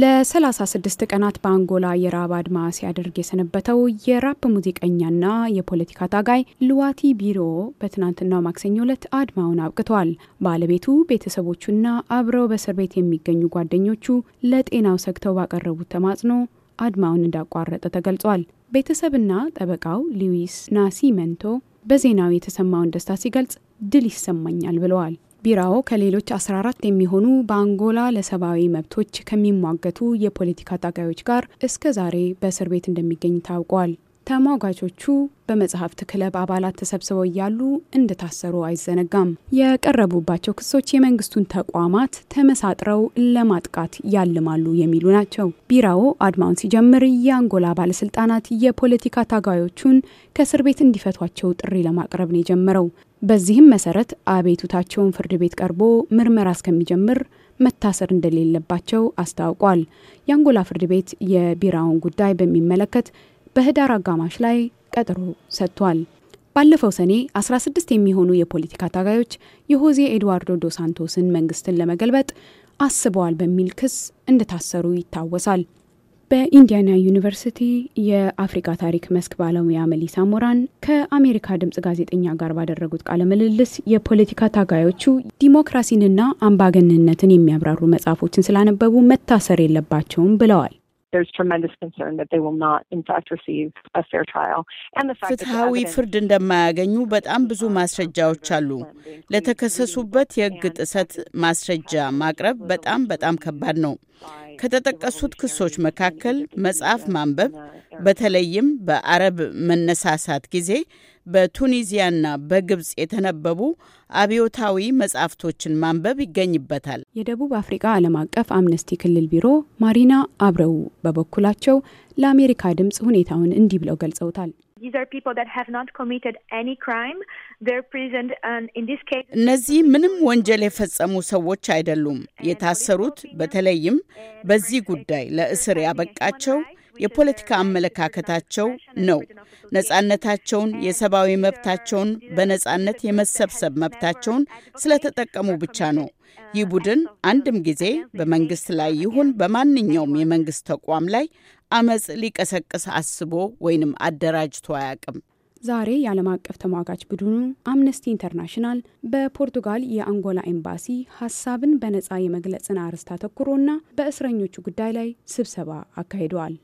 ለ36 ቀናት በአንጎላ የራብ አድማ ሲያደርግ የሰነበተው የራፕ ሙዚቀኛና የፖለቲካ ታጋይ ልዋቲ ቢሮ በትናንትናው ማክሰኞ ዕለት አድማውን አብቅተዋል። ባለቤቱ፣ ቤተሰቦቹና አብረው በእስር ቤት የሚገኙ ጓደኞቹ ለጤናው ሰግተው ባቀረቡት ተማጽኖ አድማውን እንዳቋረጠ ተገልጿል። ቤተሰብና ጠበቃው ሉዊስ ናሲመንቶ በዜናው የተሰማውን ደስታ ሲገልጽ ድል ይሰማኛል ብለዋል። ቢራው ከሌሎች 14 የሚሆኑ በአንጎላ ለሰብአዊ መብቶች ከሚሟገቱ የፖለቲካ ታጋዮች ጋር እስከ ዛሬ በእስር ቤት እንደሚገኝ ታውቋል። ተሟጋቾቹ በመጽሐፍት ክለብ አባላት ተሰብስበው እያሉ እንደታሰሩ አይዘነጋም። የቀረቡባቸው ክሶች የመንግስቱን ተቋማት ተመሳጥረው ለማጥቃት ያልማሉ የሚሉ ናቸው። ቢራዎ አድማውን ሲጀምር የአንጎላ ባለስልጣናት የፖለቲካ ታጋዮቹን ከእስር ቤት እንዲፈቷቸው ጥሪ ለማቅረብ ነው የጀመረው። በዚህም መሰረት አቤቱታቸውን ፍርድ ቤት ቀርቦ ምርመራ እስከሚጀምር መታሰር እንደሌለባቸው አስታውቋል። የአንጎላ ፍርድ ቤት የቢራውን ጉዳይ በሚመለከት በህዳር አጋማሽ ላይ ቀጠሮ ሰጥቷል። ባለፈው ሰኔ 16 የሚሆኑ የፖለቲካ ታጋዮች የሆዜ ኤድዋርዶ ዶ ሳንቶስን መንግስትን ለመገልበጥ አስበዋል በሚል ክስ እንደታሰሩ ይታወሳል። በኢንዲያና ዩኒቨርሲቲ የአፍሪካ ታሪክ መስክ ባለሙያ መሊሳ ሞራን ከአሜሪካ ድምጽ ጋዜጠኛ ጋር ባደረጉት ቃለ ምልልስ የፖለቲካ ታጋዮቹ ዲሞክራሲንና አምባገንነትን የሚያብራሩ መጽሐፎችን ስላነበቡ መታሰር የለባቸውም ብለዋል። ፍትሐዊ ፍርድ እንደማያገኙ በጣም ብዙ ማስረጃዎች አሉ። ለተከሰሱበት የሕግ ጥሰት ማስረጃ ማቅረብ በጣም በጣም ከባድ ነው። ከተጠቀሱት ክሶች መካከል መጽሐፍ ማንበብ በተለይም በአረብ መነሳሳት ጊዜ በቱኒዚያና በግብፅ የተነበቡ አብዮታዊ መጽሐፍቶችን ማንበብ ይገኝበታል። የደቡብ አፍሪካ ዓለም አቀፍ አምነስቲ ክልል ቢሮ ማሪና አብረው በበኩላቸው ለአሜሪካ ድምፅ ሁኔታውን እንዲህ ብለው ገልጸውታል። these are people that have not committed any crime. They're prisoned and in this case እነዚህ ምንም ወንጀል የፈጸሙ ሰዎች አይደሉም። የታሰሩት በተለይም በዚህ ጉዳይ ለእስር ያበቃቸው የፖለቲካ አመለካከታቸው ነው። ነጻነታቸውን፣ የሰብአዊ uh, መብታቸውን፣ በነጻነት የመሰብሰብ መብታቸውን ስለተጠቀሙ ብቻ ነው። ይህ ቡድን uh, አንድም ጊዜ በመንግስት ላይ ይሁን በማንኛውም የመንግስት ተቋም ላይ አመፅ ሊቀሰቅስ አስቦ ወይንም አደራጅቶ አያቅም። ዛሬ የዓለም አቀፍ ተሟጋች ቡድኑ አምነስቲ ኢንተርናሽናል በፖርቱጋል የአንጎላ ኤምባሲ ሀሳብን በነፃ የመግለጽን አርዕስት አተኩሮና በእስረኞቹ ጉዳይ ላይ ስብሰባ አካሂደዋል።